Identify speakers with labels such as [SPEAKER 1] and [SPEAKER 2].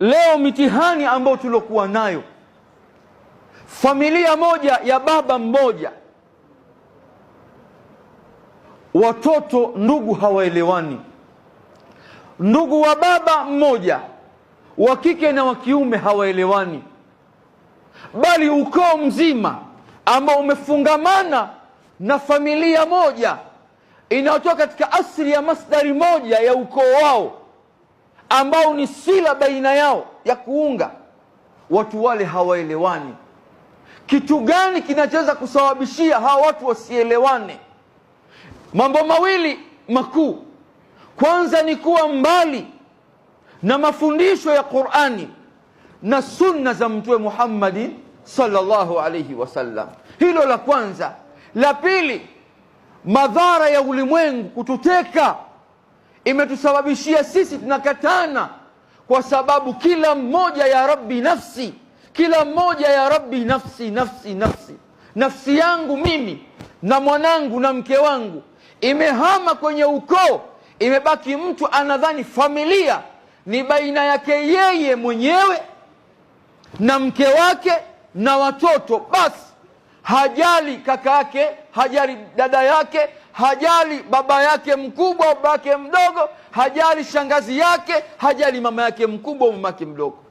[SPEAKER 1] Leo mitihani ambayo tuliokuwa nayo, familia moja ya baba mmoja, watoto ndugu hawaelewani, ndugu wa baba mmoja wa kike na wa kiume hawaelewani, bali ukoo mzima ambao umefungamana na familia moja inayotoka katika asili ya masdari moja ya ukoo wao ambao ni sila baina yao ya kuunga, watu wale hawaelewani. Kitu gani kinachoweza kusababishia hawa watu wasielewane? Mambo mawili makuu. Kwanza ni kuwa mbali na mafundisho ya Qur'ani na sunna za Mtume Muhammadin sallallahu alayhi wasallam. Hilo la kwanza. La pili, madhara ya ulimwengu kututeka imetusababishia sisi tunakatana, kwa sababu kila mmoja ya rabbi nafsi, kila mmoja ya rabbi nafsi, nafsi, nafsi, nafsi yangu mimi na mwanangu na mke wangu, imehama kwenye ukoo, imebaki mtu anadhani familia ni baina yake yeye mwenyewe na mke wake na watoto basi hajali kaka yake, hajali dada yake, hajali baba yake mkubwa, baba yake mdogo, hajali shangazi yake, hajali mama yake mkubwa, mama yake mdogo.